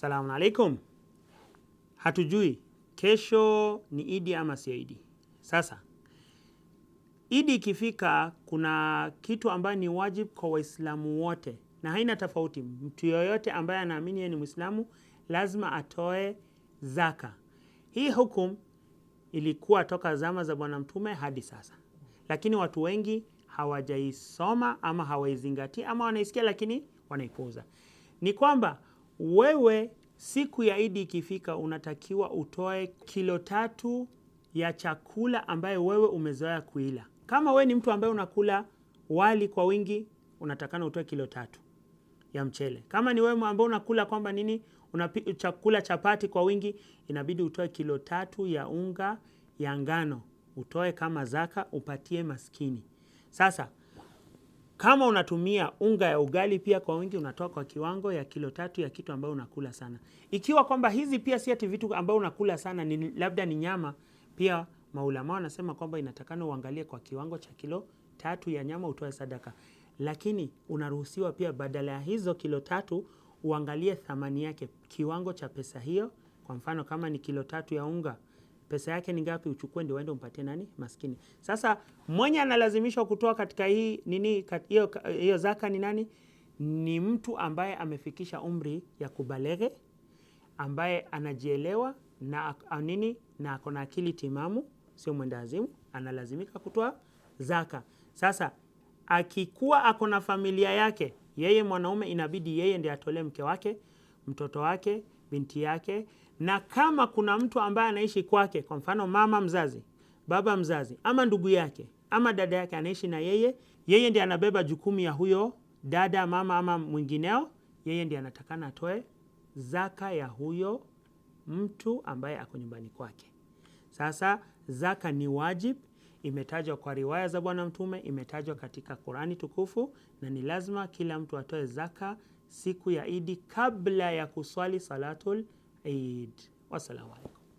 Salamu alaikum. Hatujui kesho ni idi ama si idi. Sasa idi ikifika, kuna kitu ambayo ni wajibu kwa Waislamu wote na haina tofauti. Mtu yoyote ambaye anaamini yeye ni Mwislamu lazima atoe zaka. Hii hukum ilikuwa toka zama za Bwana Mtume hadi sasa, lakini watu wengi hawajaisoma ama hawaizingatii ama wanaisikia lakini wanaipuuza. Ni kwamba wewe siku ya Idi ikifika, unatakiwa utoe kilo tatu ya chakula ambayo wewe umezoea kuila. Kama wewe ni mtu ambaye unakula wali kwa wingi, unatakana utoe kilo tatu ya mchele. Kama ni wewe ambaye unakula kwamba nini, unachakula chapati kwa wingi, inabidi utoe kilo tatu ya unga ya ngano, utoe kama zaka, upatie maskini. Sasa kama unatumia unga ya ugali pia kwa wingi, unatoa kwa kiwango ya kilo tatu ya kitu ambayo unakula sana. Ikiwa kwamba hizi pia si ati vitu ambayo unakula sana ni labda ni nyama, pia maulama wanasema kwamba inatakana uangalie kwa kiwango cha kilo tatu ya nyama utoe sadaka, lakini unaruhusiwa pia badala ya hizo kilo tatu uangalie thamani yake, kiwango cha pesa hiyo. Kwa mfano kama ni kilo tatu ya unga pesa yake ni ngapi, uchukue ndio uende umpatie nani maskini. Sasa mwenye analazimishwa kutoa katika hii nini, hiyo hiyo zaka ni nani? Ni mtu ambaye amefikisha umri ya kubalehe ambaye anajielewa na nini na ako na akili timamu, sio mwenda azimu, analazimika kutoa zaka. Sasa akikuwa ako na familia yake, yeye mwanaume inabidi yeye ndiye atolee mke wake, mtoto wake, binti yake na kama kuna mtu ambaye anaishi kwake, kwa mfano mama mzazi, baba mzazi, ama ndugu yake ama dada yake anaishi na yeye, yeye ndiye anabeba jukumu ya huyo dada, mama ama mwingineo. Yeye ndiye anatakana atoe zaka ya huyo mtu ambaye ako nyumbani kwake. Sasa zaka ni wajib, imetajwa kwa riwaya za Bwana Mtume, imetajwa katika Qurani tukufu, na ni lazima kila mtu atoe zaka siku ya Idi kabla ya kuswali salatul العيد والسلام عليكم